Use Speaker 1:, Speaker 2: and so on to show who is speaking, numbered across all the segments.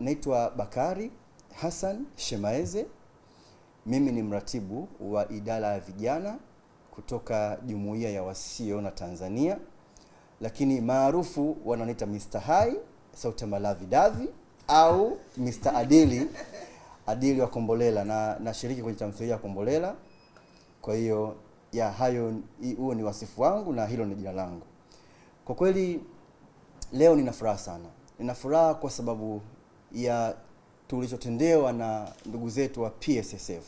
Speaker 1: naitwa Bakari Hassan Shemaeze. Mimi ni mratibu wa idara ya vijana kutoka Jumuiya ya Wasioona Tanzania, lakini maarufu wananiita Mr. Hai Sauti Malavi Davi au Mr. Adili Adili wa Kombolela, na nashiriki kwenye tamthilia ya Kombolela. Kwa hiyo ya hayo, huo ni wasifu wangu na hilo ni jina langu. Kwa kweli leo nina furaha sana, nina furaha kwa sababu ya tulichotendewa na ndugu zetu wa PSSF.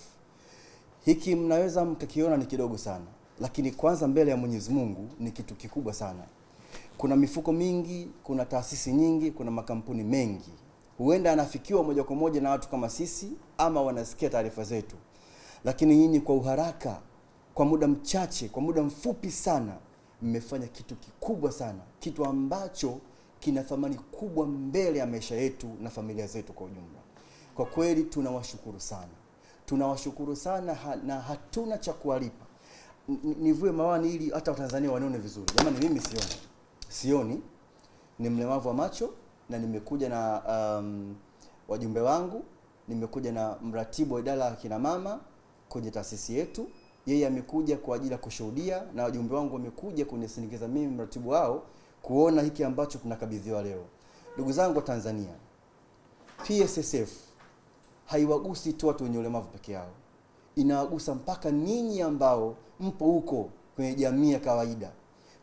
Speaker 1: Hiki mnaweza mkakiona ni kidogo sana, lakini kwanza mbele ya Mwenyezi Mungu ni kitu kikubwa sana. Kuna mifuko mingi, kuna taasisi nyingi, kuna makampuni mengi, huenda anafikiwa moja kwa moja na watu kama sisi ama wanasikia taarifa zetu, lakini nyinyi kwa uharaka, kwa muda mchache, kwa muda mfupi sana, mmefanya kitu kikubwa sana, kitu ambacho kina thamani kubwa mbele ya maisha yetu na familia zetu kwa ujumla. Kwa kweli tunawashukuru sana, tunawashukuru sana ha, na hatuna cha kuwalipa. Nivue mawani ili hata Watanzania wanione vizuri. Jamani, mimi sioni, sioni, ni mlemavu wa macho na nimekuja na um, wajumbe wangu, nimekuja na mratibu wa idara ya kina mama kwenye taasisi yetu. Yeye amekuja kwa ajili ya kushuhudia na wajumbe wangu wamekuja kunisindikiza mimi mratibu wao kuona hiki ambacho tunakabidhiwa leo. Ndugu zangu wa Tanzania, PSSF haiwagusi tu watu wenye ulemavu peke yao, inawagusa mpaka ninyi ambao mpo huko kwenye jamii ya kawaida.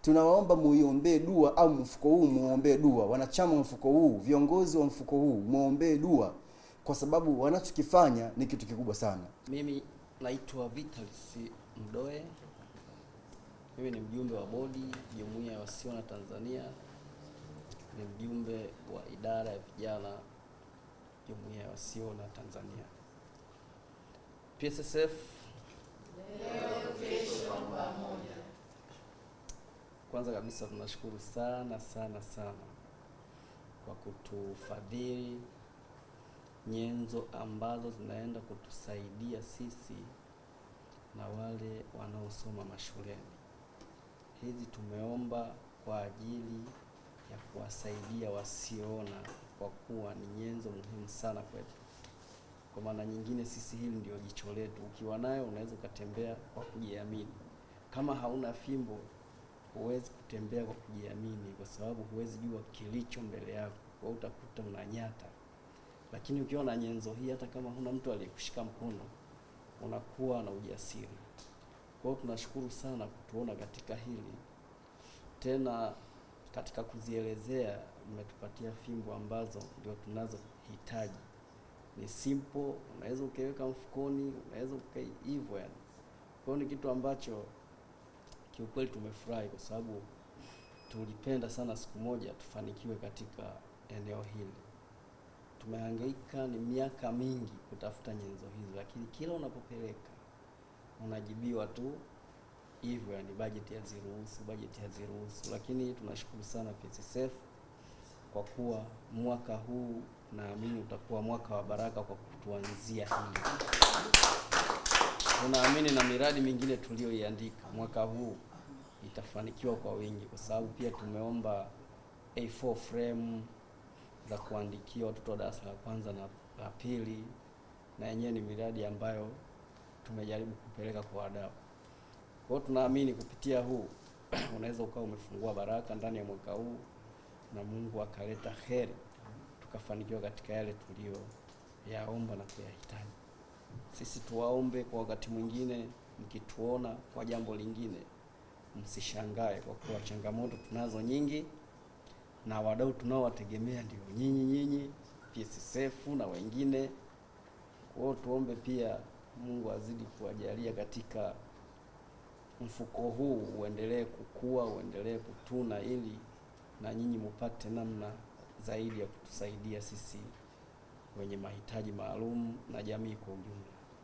Speaker 1: Tunawaomba muiombee dua au mfuko huu muombee dua, wanachama wa mfuko huu, viongozi wa mfuko huu muombee dua, kwa sababu wanachokifanya ni kitu kikubwa sana.
Speaker 2: Mimi naitwa Vitalis Mdoe mimi ni mjumbe wa bodi jumuiya ya wasichana Tanzania, ni mjumbe wa idara ya vijana jumuiya ya wasichana Tanzania. PSSF
Speaker 3: leo kesho pamoja.
Speaker 2: Kwanza kabisa tunashukuru sana sana sana kwa kutufadhili nyenzo ambazo zinaenda kutusaidia sisi na wale wanaosoma mashuleni hizi tumeomba kwa ajili ya kuwasaidia wasioona, kwa kuwa ni nyenzo muhimu sana kwetu. Kwa maana nyingine, sisi hili ndio jicho letu. Ukiwa nayo unaweza ukatembea kwa kujiamini. Kama hauna fimbo, huwezi kutembea kwa kujiamini, kwa sababu huwezi jua kilicho mbele yako, kwa utakuta unanyata. Lakini ukiwa na nyenzo hii, hata kama huna mtu aliyekushika mkono, unakuwa na ujasiri. Kwa hiyo tunashukuru sana kutuona katika hili tena, katika kuzielezea mmetupatia fimbo ambazo ndio tunazohitaji. Ni simple, unaweza ukaiweka mfukoni, unaweza ukai hivyo yani. Kwa hiyo ni kitu ambacho kiukweli tumefurahi kwa sababu tulipenda sana siku moja tufanikiwe katika eneo hili. Tumehangaika ni miaka mingi kutafuta nyenzo hizi, lakini kila unapopeleka unajibiwa tu hivyo, yani bajeti haziruhusu, bajeti haziruhusu. Lakini tunashukuru sana PSSF kwa kuwa mwaka huu naamini utakuwa mwaka wa baraka kwa kutuanzia hili. Tunaamini na miradi mingine tuliyoiandika mwaka huu itafanikiwa kwa wingi, kwa sababu pia tumeomba A4 frame za kuandikia watoto wa darasa la kwanza na la pili, na yenyewe ni miradi ambayo tumejaribu kupeleka kwa wadau. Kwa hiyo tunaamini kupitia huu unaweza ukawa umefungua baraka ndani ya mwaka huu na Mungu akaleta heri tukafanikiwa katika yale tulio yaomba na kuyahitaji. Sisi tuwaombe kwa wakati mwingine, mkituona kwa jambo lingine msishangae, kwa kuwa changamoto tunazo nyingi na wadau tunaowategemea ndio nyinyi nyinyi PSSF na wengine. Kwa hiyo tuombe pia Mungu azidi kuwajalia katika mfuko huu uendelee kukua, uendelee kutuna, ili na nyinyi mupate namna zaidi ya kutusaidia sisi wenye mahitaji maalum na jamii kwa ujumla.